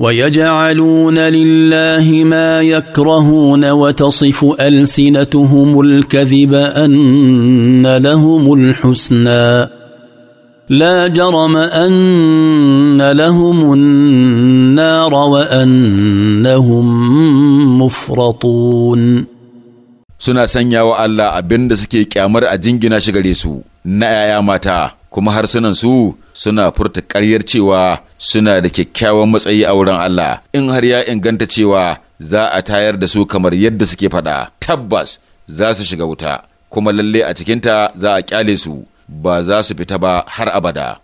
ويجعلون لله ما يكرهون وتصف السنتهم الكذب ان لهم الحسنى لا جرم ان لهم النار وانهم مفرطون suna sanya wa Allah abin da suke kyamar a jingina shi gare su na ‘ya'ya mata kuma harsunansu suna furta ƙaryar cewa suna da kyakkyawan matsayi a wurin Allah in har ya inganta cewa za a tayar da su kamar yadda suke faɗa tabbas za su shiga wuta kuma lalle a cikinta za a kyale su ba za su fita ba har abada